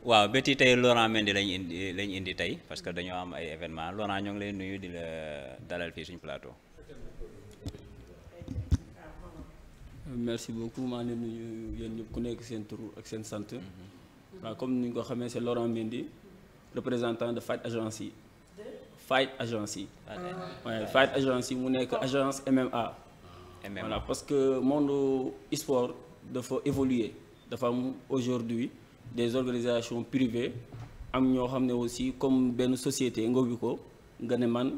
waaw béti tey Laurent Mendy lañ indi lañ indi tey parce que dañoo am ay événement Laurent ñoo ngi lay nuyu di la dalal fii suñu plateau. merci beaucoup maa ngi nuyu yéen ñëpp ku nekk seen tur ak seen sant. Mhm. waaw comme ni ñu ko xamee c'est Laurent Mendy représentant de Fight Agence yi. Fight Agence yi. Ah, ah. waaye Fight Agence yi mu nekk agence MMA. MMA voilà parce que monde sport dafa évoluer dafa am aujourd'hui des organisations privées am ñoo xam ne aussi comme benn société nga ubbi ko nga ne man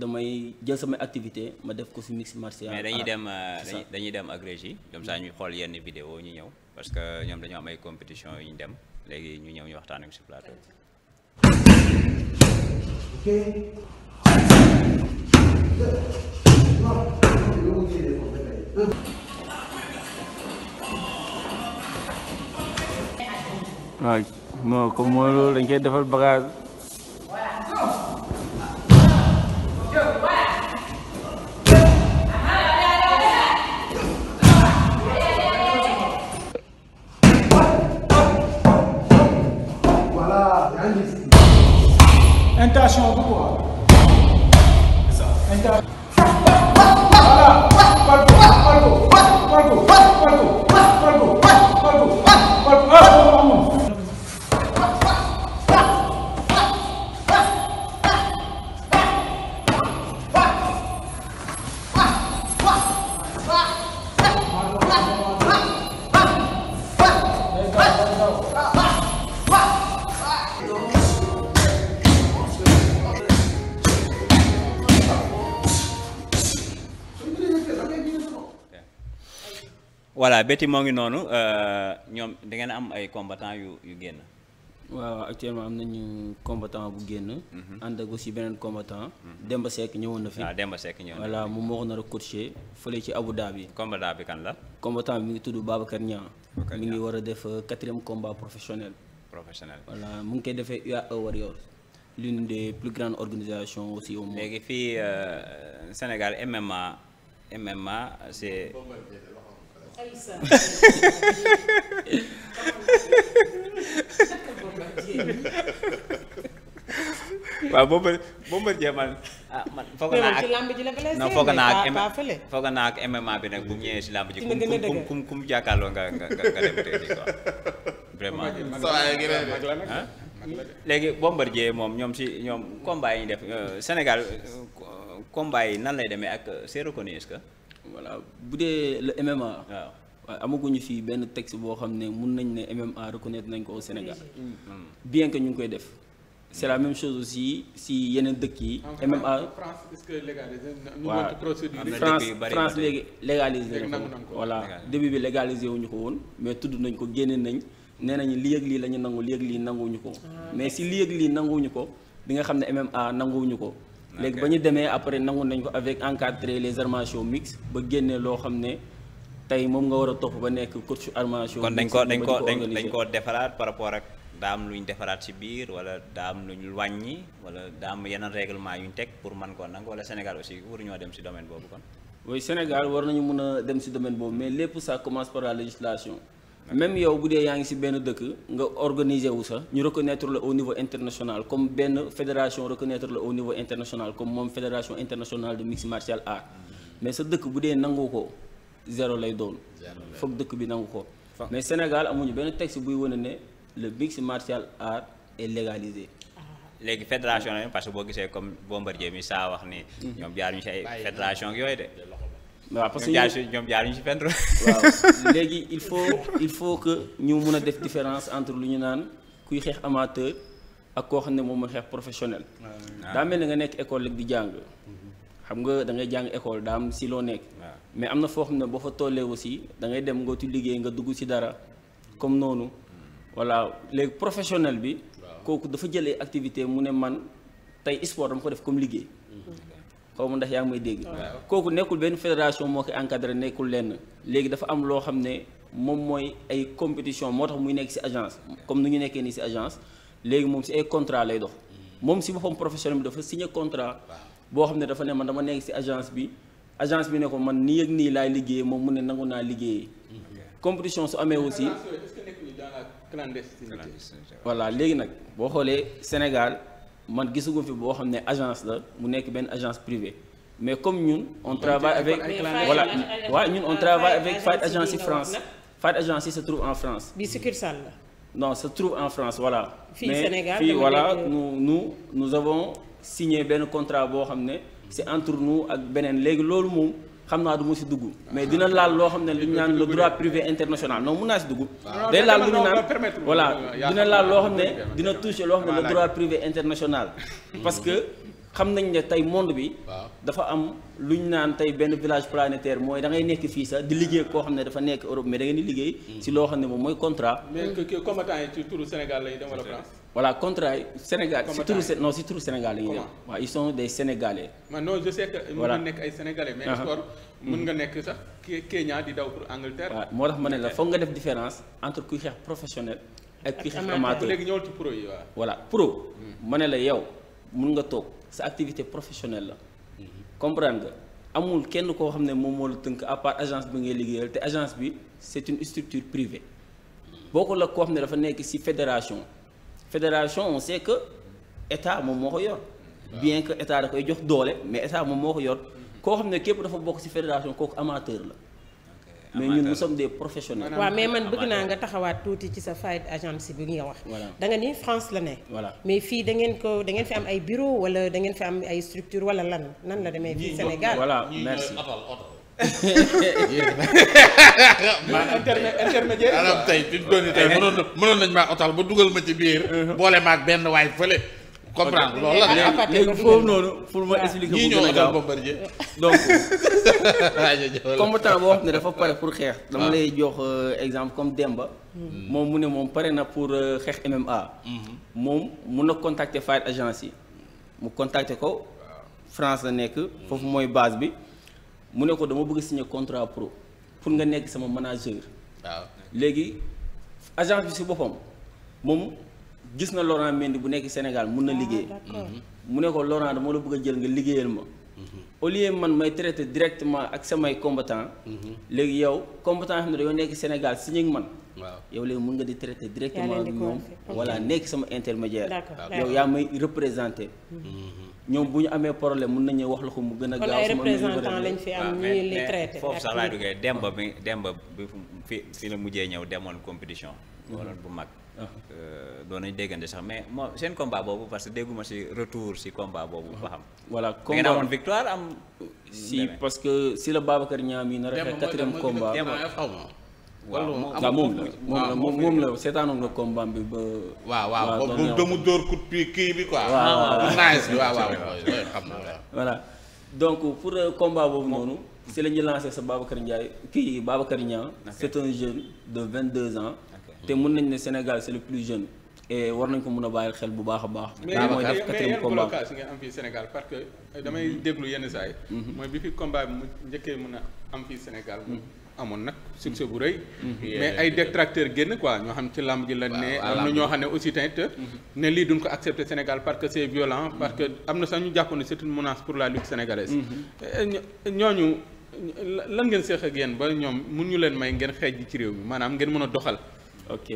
damay jël samay activités ma def ko ci mix martial mais dañuy dem euh, dañuy dem ak régie comme ça ñu xool yenn vidéo ñu ñëw parce que ñoom dañoo am ay compétition yu ñu dem léegi ñu ñëw ñu waxtaan ak ci plateau waaw non comme mooy loolu dañ koy defal bagage béti moo ngi noonu euh, ñoom da ngeen am ay combattant yu yu génn. waaw actuellement am nañu combattant bu génn. Mhm. ànd ak aussi beneen combattant. Mhm. Demba Seck ñëwoon na fi. waaw ah, Demba Seck ñëwoon na fi voilà moom moo ko nar a coacher fële ci Abu Dhabi. combattant bi kan la. combattant bi mi ngi tudd Babacar Niang. mi ngi war a def euh, quatrième combat professionnel. professionnel voilà mu ngi koy defee UAE Warriors. l'une des plus grandes organisations aussi au monde. léegi fii euh, Sénégal MMA MMA c'est waaw boobu Bombardier man ah man foog naa ak non foog naa MMA bi nag bu mu si làmb ji kum kum kum jàkkaarloo nga nga nga dem tey vraiment. léegi Bombardier moom ñoom si ñoom combat yi def euh, Sénégal euh, combat yi nan lay demee ak euh, c'est reconnu est-ce voilà bu dee le MMA. waaw amaguñu fii benn texte boo xam ne mun nañ ne MMA reconnaître nañ ko au Sénégal. Hmm. bien que ñu ngi koy def. c'est la même chose aussi si yeneen dëkk yi. MMA France est-ce que légalisé na procédure France France léegi légalisé na ko voilà début bi légalisé wuñu ko woon mais tudd nañ ko génne nañ nee nañ li yëg lii la ñu nangu li yëg lii nanguwuñu ko ah. mais si li yëg lii nanguwuñu ko bi nga xam ne MMA nanguwuñu ko. léegi ba ñu demee après nangu nañ ko avec encadré les armations mixtes ba génne loo xam ne tey moom nga war a topp ba nekk coach armation. kon dañ ko dañ ko dañ koo defaraat par rapport ak daa am lu ñu defaraat ci biir wala daa am lu ñu wàññi wala daa am yeneen règlement yu teg pour man koo nangu wala Sénégal aussi pour ñoo dem ci domaine boobu kon. oui Sénégal war nañu mën a dem ci domaine boobu mais lépp ça commence par la législation. même yow bu dee yaa ngi si benn dëkk nga organiser wu sax ñu reconnaître la au niveau international comme benn fédération reconnaître la au niveau international comme moom fédération internationale de mixte martial art mm-hmm. mais sa dëkk bu dee nangu ko zéro lay doon. foog dëkk bi nangu ko. mais Sénégal amuñu benn texte buy wane ne le mixte martial art est légalisé. Ah. léegi fédération la parce que boo gisee comme Bombardier mi saa wax ni. Mm-hmm. ñoom jaar ñu si ay waaw parce que ñoom jaar ñu léegi il faut il faut que ñu mun a def différence entre lu ñu naan kuy xeex amateur ak koo xam ne moom mooy xeex professionnel. daa mel ni nga nekk école rek di jàng. xam nga dangay jàng école daa am si loo nekk. mais am na foo xam ne boo fa tollee aussi dangay dem nga tu liggéey nga dugg si dara comme noonu. voilà léegi professionnel bi. kooku dafa jëlee activité mu ne man tey sport dama ko def comme liggéey. Mm-hmm. xaw ma ndax yaa ngi may dégg kooku nekkul benn fédération moo koy encadré nekkul lenn léegi dafa am loo xam ne moom mooy ay compétition moo tax muy nekk ci agence comme ni ñu nekkee nii ci agence léegi moom ci ay contrat lay dox moom ci boppam professionnel bi dafa signé contrat boo xam ne dafa ne man dama nekk ci agence bi agence bi ne ko man ni ak nii laay liggéeyee moom mu ne nangu naa liggéeyee compétition su amee aussi voilà léegi nag boo xoolee Sénégal man gisagum fi boo xam ne agence la mu nekk benn agence privée mais comme ñun on travaille avec voilà waaw ñun on travaille avec Fight Agency France Fight Agency se trouve en France non se trouve en France voilà mais fii voilà nous nous nous avons signé benn contrat boo xam ne c'est entre nous ak beneen léegi loolu moom xam naa du ma si dugg mais dina laal loo xam ne lu ñu naan le droit privé international non mun naa si dugg day laal lu ñu naan voilà dina laal loo xam ne dina toucher loo xam ne le droit privé international mm-hmm. parce que xam nañ ne tey monde bi dafa am lu ñu naan tey benn village planétaire mooy da ngay nekk fii sax di liggéey koo xam ne dafa nekk Europe mais da ngeen di liggéey mm-hmm. si loo xam ne moom mooy contrat mais combattant yi ci voilà contrat yi Sénégal si turu non si turu Sénégal la ñuy def waaw ils sont des sénégalais. man non je sais nga nekk ay sénégalais. mais uh-huh. sport mm-hmm. nekk sax di daw pour Angleterre. moo tax ma ne la foog nga def différence entre kuy xeex professionnel. ak kuy xeex amateur léegi ñëwal ci pro yi waaw. pro. Mm. ma ne la yow mun nga toog sa activité professionnel la. Mm-hmm. comprendre nga amul kenn koo xam ne moom moo la tënk à part agence bi ngay liggéeyal te agence bi c' est une structure privée. boo ko la koo xam ne dafa nekk si fédération. fédération on sait que état moom moo ko yor bien que état da koy jox doole mais état moom moo ko yor koo xam ne képp dafa bokk ci fédération kooku amateur la mais ñun nous sommes des professionnels. waaw mais man bëgg naa nga taxawaat tuuti ci sa fight si bi nga wax. da nga ni France la ne. voilà mais fii da ngeen ko da ngeen fi am ay bureau wala dangeen fi am ay structure wala lan nan la demee. fii Sénégal voilà merci maa internet intermédiaire alam tey mënoon nañ maa otal ba dugal ma ci biir uh-huh. boole maag benn waay fële comprendre loolu la léegi foofu noonu pour ma ah. expliquer bu gën a gaaw donc combattant boo pour xeex dama ah. lay jox euh, exemple comme Demba hmm. moom moom pare na pour euh, xeex MMA moom mun na contacter fight agence yi mu contacter ko France la nekk foofu mooy baas bi mu ne ko dama bëgg signer contrat pro pour nga nekk sama manager. waaw léegi agence bi si boppam moom gis na Laurent Mendy bu nekk Sénégal mun na ah, liggéey. Mhm. mu ne ko Laurent dama la bëgg a jël nga liggéeyal ma. Mhm. au lieu man may traité directement ak samay combattant mhm. léegi yow combattant yoo xam ne dañoo nekk Sénégal signé man. waaw yow léegi mun nga di traité directement ak ñoom. wala nekk sama intermédiaire. yow yaa may représenté. ñoom bu ñu amee problème mun nañu wax la ko mu gën a gaaw su ma représentant lañ fi am ah, ñuy li traité bi demba bi fi fi la mujjee ñëw demoon compétition mhm. wala bu mag ah. euh, doon nañ déggante sax mais moo seen combat boobu parce que dégguma si retour si combat boobu ba xam ah. voilà combat amoon victoire am si parce que si la Babacar Niang yi nar a xeex quatrième combat waaw moom la moom la seetaanoon nga combat bi ba. waaw waaw boobu doomu dóor coup bi kii bi quoi. waaw waaw waaw voilà donc pour euh, combat boobu noonu. si la ñuy lancé sa Babacar Ndiaye kii Babacar Niang. c'est un jeune de 22 ans. te mun nañ ne Sénégal c'est le plus jeune. et war nañ ko mun a bàyyi xel bu baax a baax. Babacar mooy mais mais nga am Sénégal parce que damay mhm. déglu yenn saa yi. Mhm. mooy bi fi combat bi mu njëkkee mun a am fii Sénégal. Mhm. amoon nag succès bu rëy. Mhm. mais ay détracteur génn quoi ñoo xam ci làmb ji la ne. am na ñoo xam ne aussi tamit. Euh, mhm. ne lii duñ ko accepter Sénégal parce que c'est violent parce que am na sax ñu jàpp ne c'est une menace pour la lutte sénégalaise. Mhm. Euh, ñooñu lan ngeen seex ak yéen ba ñoom mun ñu leen may ngeen xeej ci réew mi maanaam ngeen mën a doxal. ok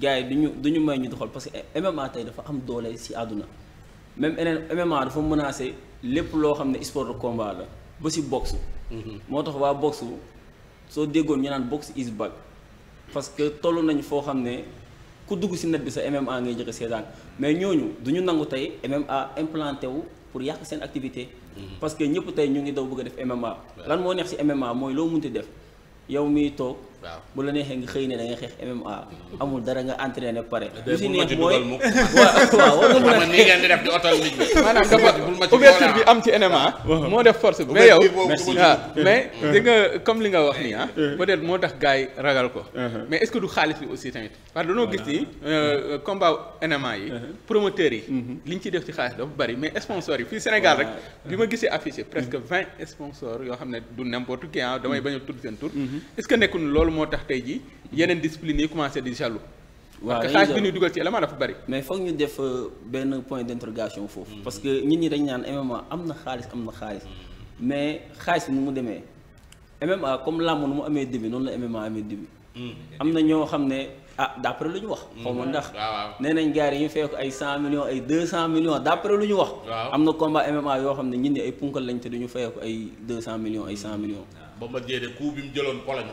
gars yi du ñu du may ñu doxal parce que MMA tey dafa am doole si àdduna même MMA dafa menacé lépp loo xam ne sport de combat la ba si boxe. soo déggoon ñu naan box is back parce que toll nañ foo xam ne ku dugg si net bi sa MMA ngay jëkk seetaan mais ñooñu du ñu nangu tey MMA implanté wu pour yàq seen activité. Mm-hmm. parce que ñëpp tey ñu ngi daw bëgg a def MMA. lan moo neex si MMA mooy loo munti def yow miy toog. waaw bu la neexee nga xëy ne da nga xeex MMA amul dara nga entraîné pare. lu si neex mooy waaw waaw war nga mën a def di otal am ci MMA. moo def force bi mais yow. merci mais comme li nga wax nii ah. Uh-huh. Uh-huh. peut moo tax gars yi ragal ko. Uh-huh. mais est-ce que du xaalis bi aussi tamit. parce que dañoo gis ni euh, euh, combat MMA yi. promoteurs yi. Mm-hmm. li ñu ci def ci xaalis dafa bari mais sponsors yi fii Sénégal rek. bi ma gisee affiché presque vingt sponsors yoo xam ne du n'importe qui ah damay mm-hmm. bañ a tudd seen tur. Mm-hmm. moo tax tey jii yeneen discipline yi commencé di jaloux. waaw parce que xaalis bi ñuy dugal ci élément dafa bari. mais foog ñu def euh, benn point d'interrogation foofu. Mm. parce que nit ñi dañ naan MMA am na xaalis am na xaalis mm. mais xaalis bi nu mu demee MMA comme làmb nu mu amee début noonu la MMA amee début. Mm. am na ñoo xam ne ah d'après lu ñu wax. xaw ma ndax nee nañ gars yi ñu fekk ay 100 millions ay 200 millions lu ñu wax. am na combat MMA yoo xam ne ñun ay punkal lañ te duñu fekk ay 200 Bombardier de coup bi mu jëloon Pologne.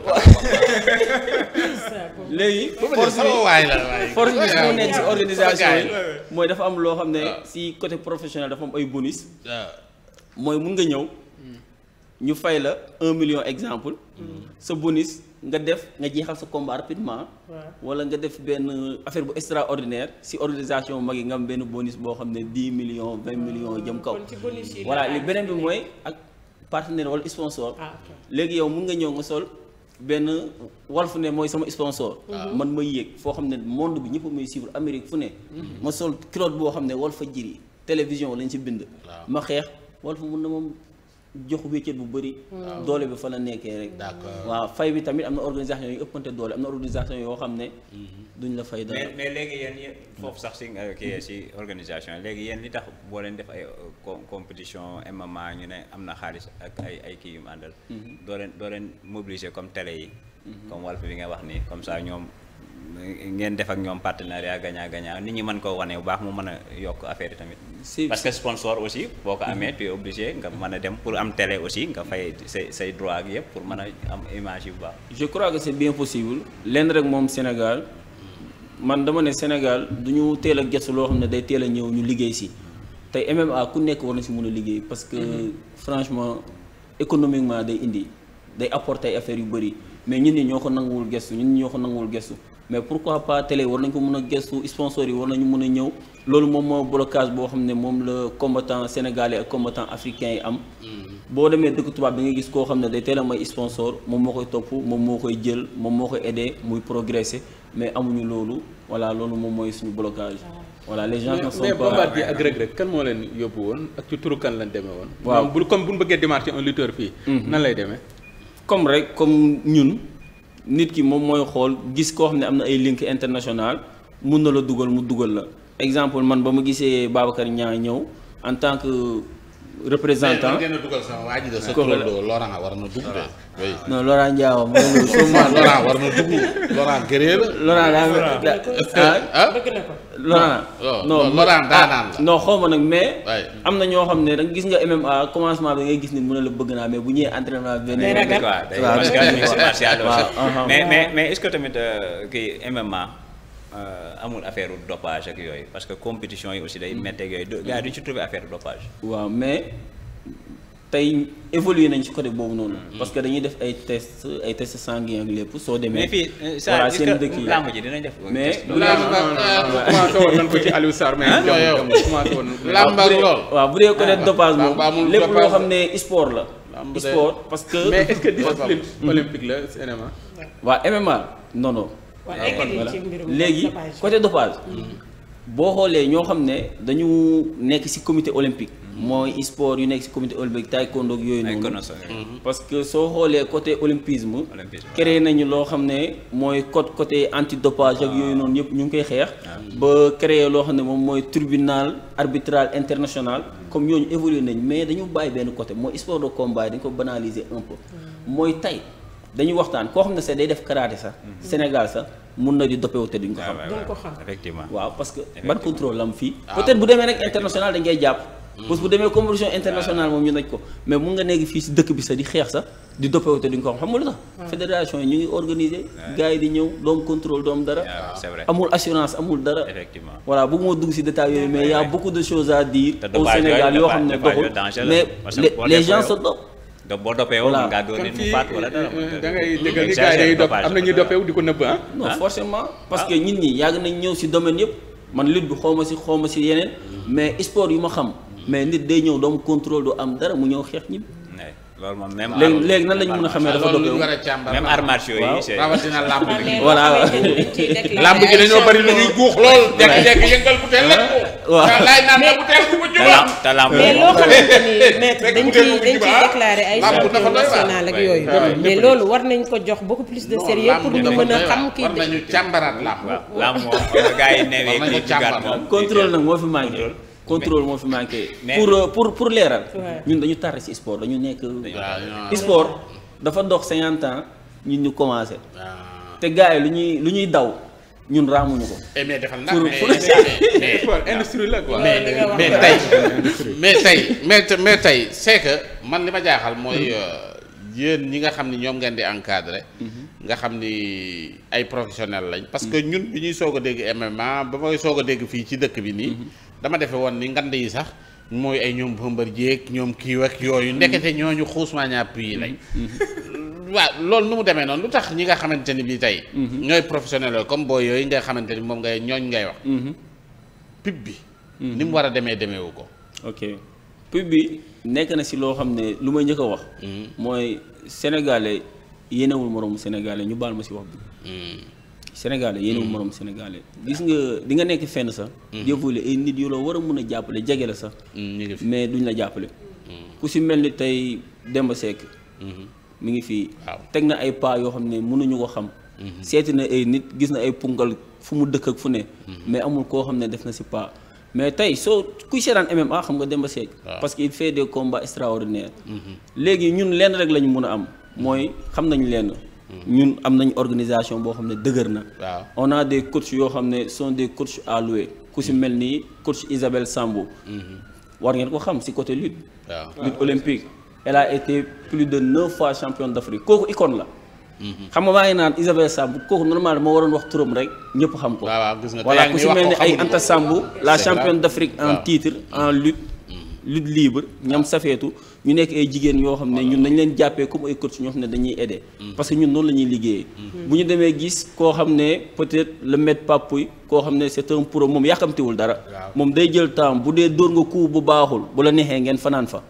léegi. force bi force bi su nekk si organisation yi mooy dafa am loo xam ne si côté professionnel dafa am ay bonus. mooy mun nga ñëw. Hmm. ñu fay la un million exemple. Hmm. sa bonus nga def nga jeexal sa combat rapidement. wala nga def benn affaire bu extraordinaire si organisation mag yi nga am benn bonus boo xam ne dix millions vingt millions jëm kaw. voilà li beneen bi mooy ak. partenaire wala sponsor. Ah, léegi yow mun nga ñëw nga sol benn wal fu ne mooy sama sponsor. Ah. man ma yéeg foo xam ne monde bi ñëpp may suivre Amérique fu ne. Mhm. ma sol culotte boo xam ne Walfadjri télévision lañ ci bind. Ah. ma xeex Walf mun na moom jox wéccet bu bëri doole bi fa la nekkee rek waaw fay bi tamit am na organisation yu ëppante doole am na organisation yoo xam ne mhm. duñ la fay dara mais léegi yéen foofu sax si nga kii si organisation léegi yéen li tax boo leen def ay euh, compétition MMA ñu ne am na xaalis ak ay kii yu mu àndal mhm. doo leen doo leen mobiliser comme tele yi mhm. comme Walf bi nga wax nii comme ça ñoom ngeen def ak ñoom partenariat gagnant gagnant nit ñi man koo wane bu baax mu mën a yokk affaire yi tamit. si parce que sponsor aussi boo ko mm-hmm. amee tu es nga mën a dem pour am télé aussi nga fay say say droit ak yëpp pour man a am image yu baax. je crois que c' est bien possible. lenn rek moom Sénégal man dama ne Sénégal du ñu teel a gëstu loo xam ne day teel a ñëw ñu liggéey si tey MMA ku nekk war na si mun a liggéey parce que mm-hmm. franchement économiquement day indi day apporter ay yu bëri mais ñun ñi ñoo ko nanguwul gëstu ñun ñi ñoo gëstu. mais pourquoi pas télé war nañ ko mën a gëstu sponsors yi war nañu mën a ñëw loolu moom moo blocage boo xam ne moom la combattant sénégalais ak combattant africain yi am. Mm-hmm. boo demee dëkk tubaab bi nga gis koo xam ne day teel a may sponsor moom moo koy topp moom moo koy jël moom moo koy aidé muy progresser mais amuñu loolu voilà loolu moom mooy suñu blocage. voilà les gens ne sont pas ak Reug Reug kan moo leen yóbbu woon ak ci turu kan lañ demee woon. waaw bu comme bu ñu bëggee démarcher fii. Mm-hmm. nan lay demee. comme rek comme ñun. nit ki moom mooy xool gis koo xam ne am na ay link international mun na la dugal mu dugal la exemple man ba ma gisee Babacar ñaa ñëw en tant que représentant mais dugal sama sa turandoo Laurent war na dugg de. non Laurent Ndiawo war na dugg Laurent gëree la. Laurent daa ah, ah? Laurent. non Laurent daanaan ah, la. non xaw ma nag mais. am na ñoo xam ne danga gis nga MMA commencement bi ngay gis ni mu ne la bëgg naa mais bu ñëwee entraînement benn yoon. mais mais mais tamit euh, kii MMA. Euh, amul affaire dopage ak yooyu parce que compétition yi aussi day mm. métteeg yooyu gars yi duñ ci trouvé affaire dopage. waaw mais tey évolué nañ ci côté boobu noonu. Mm. parce que dañuy def ay tests ay tests sanguin ak lépp soo demee. mais fii saa euh, gis nga làmb ji dinañ def. mais bu commencé woon nañ ko ci Aliou Sarr mais ah, moom ah, lépp loo xam ne sport la. sport parce que. mais est-ce que discipline olympique la MMA. waaw léegi côté dopage boo xoolee ñoo xam ne dañu nekk ci comité olympique mm-hmm. mooy sport yu nekk ci comité olympique taekwondo ak yooyu noonu mm-hmm. parce que soo xoolee côté olympisme créé nañu loo xam ne mooy code côté anti dopage ak ah. yooyu noonu yëpp ñu ngi koy xeex ah. ba créé loo xam ne moom mooy tribunal arbitral international mm. comme ñooñu évolué nañ mais dañu bàyyi benn côté mooy sport de combat dañ ko banaliser un mm. mooy tey dañuy waxtaan koo xam ne sax day def karaté sax. Mhm. Sénégal sax mun na di doppewu te duñ ko xam. duñ ko xam effectivement. waaw parce ban contrôle lam fii. Ah, peut-être bu demee rek international dañ jàpp. Mhm. parce bu demee compétition internationale moom ñu daj ko mais mun nga nekk fii si dëkk bi sax di xeex sax di doppewu te ko xam xam nga lu tax. fédération yi ñu ngi organiser. gars di ñëw doom contrôle doom dara. amul assurance amul dara. effectivement voilà dugg si détail yooyu mais a beaucoup de choses à dire. au Sénégal yoo xam boo doppeewoo mën ngaa doon nit da ngay dëggal ni gars yi day dopp am na ñuy doppeewu di ko nëbb ah mm. mais sport yu ma xam mm. mais nit day ñëw doomu contrôle du am dara mu ñëw xeex ñib loolu a xamee dafa doppeewu même arts martiaux yi rawatina lamb bi voilà lamb bi dañoo bari lu ñuy guux lool dekk dekk yëngal ku teel lekk waaw laay naan la bu teel bu mu jubal te lamb mais yooyu mais loolu war nañ ko jox beaucoup plus de sérieux pour ñu mën a xam kii war nañu càmbaraat lamb waaw lamb moom gars nag moo fi manqué contrôle moo fi manqué pour euh, pour pour leeral ñun dañu tardé ci sport dañu nekk sport dafa dox cinquante ans ñun ñu commencé te gars lu ñuy lu ñuy daw ñun raamuñu ko. Eh, mais defal na mais mais industrie la quoi. mais mais tey mais tey mais mais tey c'est que man li ma jaaxal mooy hmm. euh, yéen ñi nga xam ni ñoom ngeen di encadre hmm. nga xam ni ay professionnels lañ. parce que hmm. ñun bi ñuy soog a dégg MMA ba may soog a dégg fii ci dëkk bi nii. dama defe woon ni ngande yi sax. mooy ay ñoom bëmbër jéeg ñoom kiiw ak yooyu. ndekete ñu xuusmaa ñàpp yi lañ. waaw loolu nu mu demee noonu lu tax ñi nga xamante ni bii tey. Mhm. ñooy professionnel yooyu comme booy yooyu nga xamante ni moom ngay ñooñ ngay wax. Mhm. pub bi. Mhm. ni mu war a demee demeewu ko. ok pub bi nekk na si loo xam ne lu may njëkk a wax. mooy sénégalais yéenewul moroomu sénégalais ñu baal ma si wax bi. sénégalais yéenewul moroomu sénégalais. gis nga di nga nekk fenn sax. di évolué ay nit yu la war a mun a jàppale jege la sax. mais duñ la jàppale. ku si mel ni tey Demba Seck. mu ngi fii teg na ay pas yoo xam ne mënuñu ko xam mhm. seeti na ay nit gis na ay pungal fu mu dëkk ak fu ne mhm. mais amul koo xam ne def na si pas mais tey soo kuy seetaan MMA xam nga dem ba Seck parce que il fait des combats extraordinaires mhm. léegi ñun lenn rek la ñu mun a am mooy xam nañ lenn ñun am nañ organisation boo xam ne dëgër na on a des coachs yoo xam ne son des coachs à louer ku si mel nii coach Isabelle Sambo war ngeen ko xam si côté lutte lutte elle a été plus de neuf fois championne d'Afrique kooku icône la. Mhm. xam nga maa ngi naan Isabelle Samb kooku normal moo waroon wax turam rek ñëpp xam ko. waaw gis nga voilà ku si mel ni ay Anta Samb la championne d'Afrique en titre en lutte. Mhm. lutte libre ñam safeetu ñu nekk ay jigéen yoo xam ne ñun dañ leen jàppee comme ay coach ñoo xam ne dañuy aider. Mhm. parce que ñun noonu lañuy liggéeye bu ñu demee gis koo xam ne peut-être le maître papuy koo xam ne c'est un pro moom yàkkamtiwul dara. moom day jël temps bu dee dóor nga coup bu baaxul bu la neexee ngeen fanaan fa.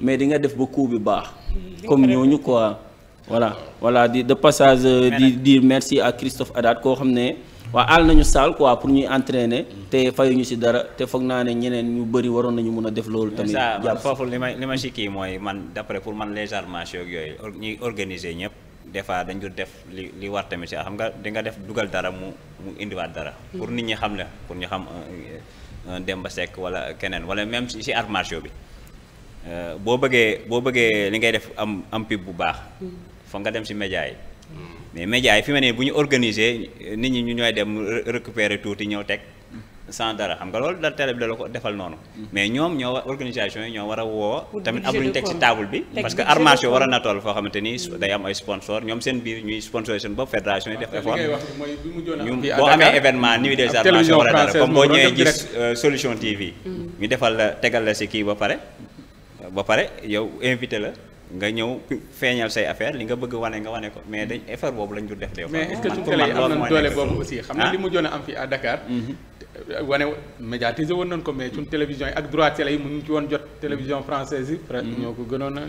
mais di nga def ba coup bi baax. Mm-hmm. comme ñooñu quoi. voilà voilà di de passage euh, di dire merci à Christophe Adat koo xam ne waa àll nañu saal quoi pour ñuy entraîner. Mm-hmm. te fayuñu si dara te foog naa ne ñeneen ñu bëri waroon nañu mun a def loolu. tamit jàpp foofu li ma li ma si kii mooy man d'après pour man les armations yooyu ñuy organiser ñëpp. des fois dañ doon def li li war tamit si xam nga di def dugal dara mu mu indiwaat dara. Mm-hmm. pour nit ñi xam la pour ñu xam euh, euh, Demba Seck wala keneen wala même si si armation bi. Euh, boo bëggee boo bëggee li ngay def am am pub bu baax fa nga dem si média yi hmm. mais média fi ma ne bu ñu organiser nit ñi ñu ñooy dem récupérer tuuti ñëw teg sans dara xam nga loolu da télé bi da la ko defal noonu hmm. mais ñoom ñoo war organisation yi ñoo war a woo tamit am lu ñu si table bi parce que armage yo na toll foo xamante ni day am ay sponsor ñoom seen biir ñuy sponsor seen bopp fédération yi def effort ñu boo amee événement nii des armage yo war a dara comme boo ñëwee gis euh, solution TV hmm. ñu defal tegal si kii ba pare ba pare yow invité la nga ñëw feeñal say affaire li nga bëgg wane nga wane ko mais dañ effort boobu lañ dul def. des mais est ce que xam na ah. li mu joon am fii à Dakar. Mhm. woon nañ ko mais télévision yi ak droit ci woon jot télévision française yi. Mhm. ñoo ko gënoon a.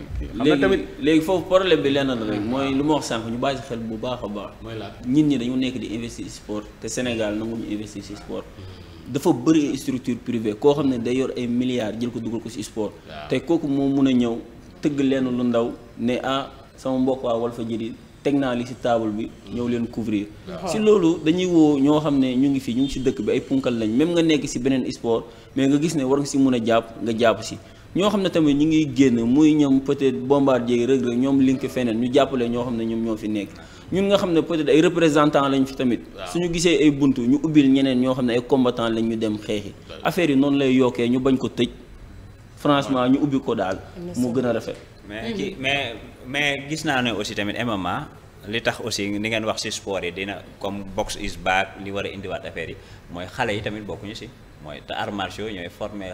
xam na léegi foofu problème bi lenn la rek ah. mooy lu ma wax sànq ñu bàyyi si xel bu baax a baax. mooy la nit ñi dañu nekk di investir sport te Sénégal nanguñu investir si sport. Mhm. dafa bëri structure privée koo xam ne day yor ay milliards jël ko dugal ko ci sport. tey kooku moom mun a ñëw tëgg leen lu ndaw ne ah sama mbokk waa Walfadjri teg naa li ci table bi ñëw leen couvrir. ci loolu dañuy woo ñoo xam ne ñu ngi fii ñu ngi ci dëkk bi ay punkal lañ même nga nekk ci beneen sport mais nga gis ne war nga ci mun a jàpp nga jàpp si ñoo xam ne tamit ñu ngi génn muy ñoom peut-être bombardier Reug Reug ñoom link feneen ñu jàppale ñoo xam ne ñoom ñoo fi nekk. ñun nga xam ne peut-être ay représentants lañ fi tamit. suñu gisee ay buntu ñu ubbil ñeneen ñoo xam ne ay combattants lañ ñu dem xeexi affaire yi noonu lay yokkee ñu bañ ko tëj franchement ñu ubbi ko daal. mu gën a rafet. mais mais mais gis naa ne aussi tamit MMA li tax aussi ni ngeen wax ci sport yi dina comme box is back li war a indiwaat affaire yi mooy xale yi tamit bokkuñu si mooy te arts martiaux ñooy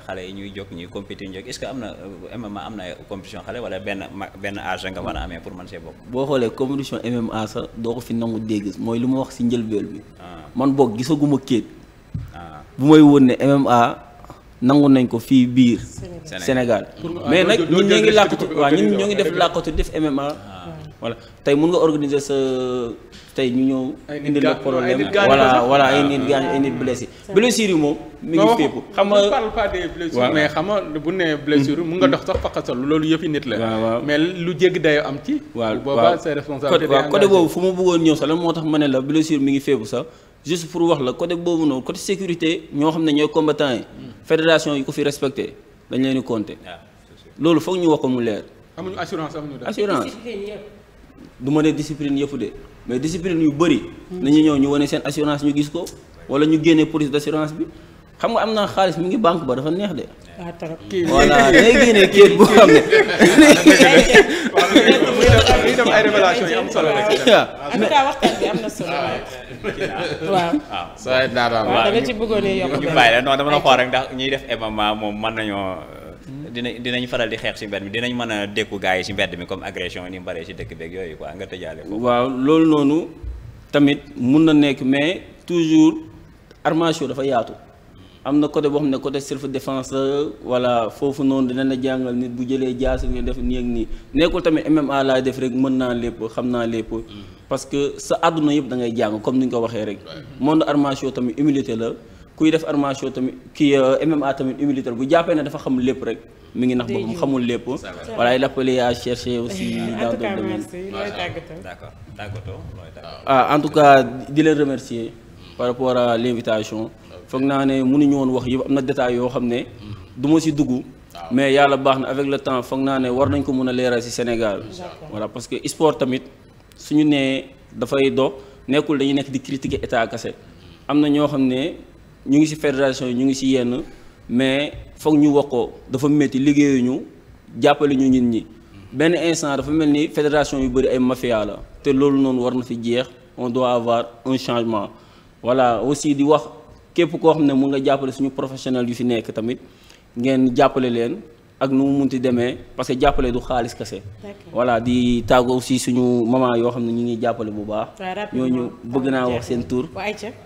xale yi ñuy jóg ñuy compétir jóg est-ce que am na MMA am na compétition xale wala benn benn âge nga mën a amee pour mën see bopp. boo xoolee compétition MMA sax doo ko fi nangu dégg mooy lu ma wax si njëlbeel bi. Ah. man boog gisaguma kéet. Ah. bu may woon ne MMA nangu nañ ko fii biir. Sénégal ah. mais nag ñun ñoo ngi làkkatu waaw ñun ñoo ngi def làkkatu def MMA. voilà tey mun nga organiser sa tey ñu ñëw. indil la problème voilà voilà ay ah. nit gaañ ay nit blessé. Ah, blessure yi moom mi ngi fépp. xam nga parle xam nga bu nga dox sax faqasal loolu yëfi nit la. lu jéggi dayoo am ci. waaw boobaa sa responsabilité. waaw côté boobu fu ma bëggoon ñëw sax moo tax ma ne la blessure mi ngi fépp sax. juste pour wax la côté boobu noonu côté sécurité ñoo xam ne ñooy combattant yi. Hmm. fédération yi ko fi respecté dañ leen di compter. Ah, loolu foog ñu wax ko mu leer. amuñu assurance amuñu dara assurance. du ma ne discipline yëpp de mais discipline yu bëri. nañu ñëw ñu wane seen assurance ñu gis ko wala ñu génnee police d' assurance bi xam nga am naa xaalis mi ngi banque ba dafa neex de. ah trop kii voilà day génne kii boo xam ne. muy def ay révélation yi am solo rek. en tout cas waxtaan bi am na solo. waaw waaw soo daan waaw dama ci bëggoon yokk. ñu bàyyi la non dama la xool rek ndax ñiy def MMA moom mën nañoo. dinañ dinañ faral di xeex si mbedd mi dinañ mën a dékku gars yi si mbedd mi comme agression yi ni mu baree si dëkk beeg yooyu ko. noonu tamit mun na nekk mais toujours armation dafa yaatu. am na côté boo xam ne côté self défense wala foofu noonu dina la jàngal nit bu jëlee jaas nga def nii ak nii nekkul tamit MMA laay def rek mën naa lépp xam naa lépp. Mm-hmm. parce que sa àdduna yëpp da ngay jàng comme ni nga ko waxee rek. monde armation tamit humilité la. kuy def armation tamit kii euh, MMA tamit humilité bu jàppee ne dafa xam lépp rek mi ngi nax boppam xamul lépp voilà il appelé à chercher aussi dans d'autres domaines ah, en tout cas di leen remercier par rapport à l'invitation foog naa ne mënuñu woon wax yëpp am na détails yoo xam ne mhm. du ma si dugg ah, mais yàlla baax na avec le temps foog naa ne war nañ ko mën a leeral si Sénégal voilà parce que sport tamit suñu nee dafay dox nekkul dañuy nekk di critiquer état kese mhm. am ñu ngi si fédération yi ñu ngi si yenn mais foog ñu wax ko dafa métti liggéeyuñu jàppale ñu nit ñi. benn instant dafa mel ni fédération yu bëri ay mafia la te loolu noonu war na fi jeex on doit avoir un changement voilà aussi di wax képp koo xam ne mun nga jàppale suñu professionnel yu fi nekk tamit ngeen jàppale leen. ak nu mu munti demee parce que jàppale du xaalis kese. voilà di tàggu aussi suñu maman yoo xam ne ñu ngi jàppale bu baax. ñooñu bëgg naa wax seen tur.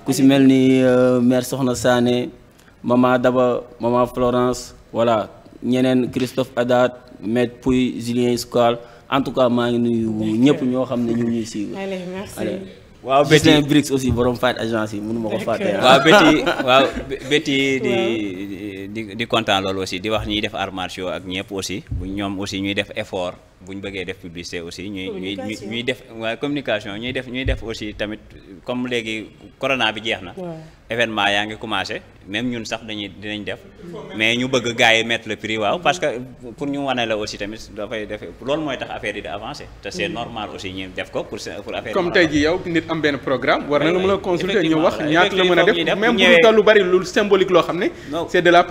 ku si mel ni euh, maire Soxna Sané maman Daba maman Florence voilà ñeneen Christophe Adat maître Pouy Julien Scal en tout cas maa ngi nuyu ñëpp ñoo xam ne ñu ngi ñuy waaw Betty Brix aussi borom faat agence yi mënu ma ko fàtte. waaw Betty waaw Betty di di di kontaan loolu aussi di wax ñuy def arts ak ñëpp aussi bu ñoom aussi ñuy def effort. bu ñu bëggee def publicité aussi ñuy ñuy ñuy def waaye communication ñuy def aussi tamit comme léegi corona bi jeex na événement yaa ngi commencé même ñun sax dañuy dinañ def mais ñu bëgg gars mettre le prix parce que pour ñu wane la aussi tamit dafay def loolu mooy tax affaire yi di avancé te c'est mm. normal aussi ñu def ko pour pour affaire comme tey jii yow nit am benn programme war na la mën a consulter ñu wax ñaata la mën a def même bu ñu lu bari lu symbolique loo xam ne c'est de la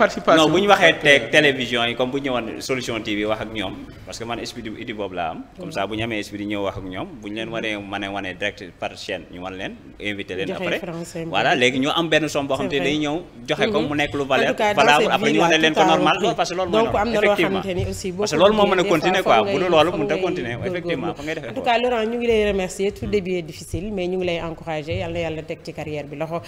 outil boobu laa am. comme ça bu ñu amee ñëw wax ak ñoom bu ñu leen waree mën a direct par chaîne ñu wan leen. invité leen après voilà léegi ñu am benn somme boo xam te day ko mhm. parce que loolu mooy normal effectivement continuer quoi bu dul loolu mënut a continuer effectivement fa ngay defee en tout cas Laurent ñu ngi lay remercier tout début est difficile mais ñu ngi lay encourager yal na yàlla teg ci carrière bi loxo